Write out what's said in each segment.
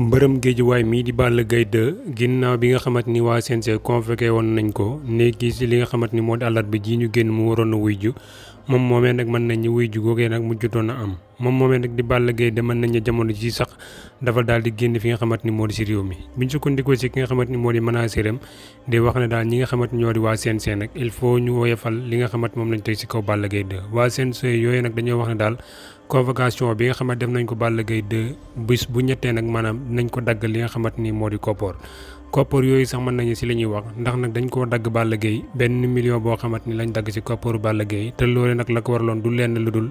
mbërëm géejuwaay mii di Balla gay 2 ginnaaw bi nga xamante ni waa CNG convoqué woon nañ ko néegi ci li nga xamante ni moo di bi ji ñu génn mu waroon a wuy ju moom moomee nag mën nañ ñu wuy ju googee nag mujjutoon na am moom moomee nag di Balla Gaye de mën nañ ñu jamono ji sax dafa daal di génn fi nga xamante ni moo di si réew mi biñ sukkandikoo si ki nga ni moo di manaasëram di wax ne daal ñi nga xamante ni ñoo di waa CNG nag il faut ñu woyofal li nga xamante moom lañ teg si kaw Balla Gaye de waa CNG yooyu nag dañoo wax ne daal convocation bi nga xamante def nañ ko Balla Gaye de bis bu ñettee nag maanaam nañ ko daggal li nga xamante ni moo di koppoor koppar yooyu sax mën nañu si li ñuy wax ndax nag dañ koo dagg Balla Gaye benn million boo xamante ni lañ dagg si kopparu Balla Gaye te loolee nag la ko waraloon du lenn lu dul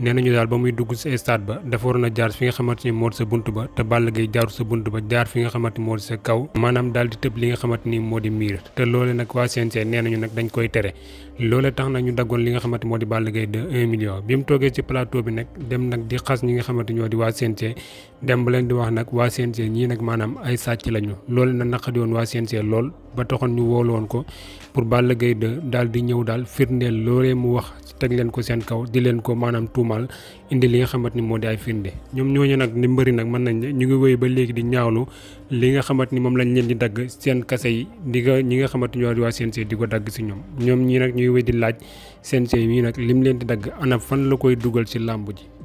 nee nañu daal ba muy dugg si stade ba dafa waroon a jaar fi nga xamante ni moo di sa bunt ba te Balla Gaye jaaru sa bunt ba jaar fi nga xamante ni moo di sa kaw maanaam daal di tëb li nga xamante ni moo di miir te loole nag waa CNG nee nañu nag dañ koy tere loole tax na ñu daggoon li nga xamante moo di Balla Gaye de 1 million bi mu toogee ci bi nag dem nag di xas ñi nga xamante ñoo di waa CNG dem leen di wax nag waa CNG ñii nag maanaam ay sàcc lañu naqadi woon waa CNG lool ba taxoon ñu woolu woon ko pour Balla Gaye 2 daal di ñëw daal firndeel loolee mu wax teg leen ko seen kaw di leen ko maanaam tuumaal indi li nga xamante ni moo di ay firnde ñoom ñooñu nag ni mbëri nag mën nañ ñu ngi wéy ba léegi di ñaawlu li nga xamante ni moom lañ leen di dagg seen kase yi di ko ñi nga xamante ni ñoo di waa CNG di ko dagg si ñoom ñoom ñii nag ñuy wéy di laaj CNG mii nag lim leen di dagg ana fan la koy dugal ci làmb ji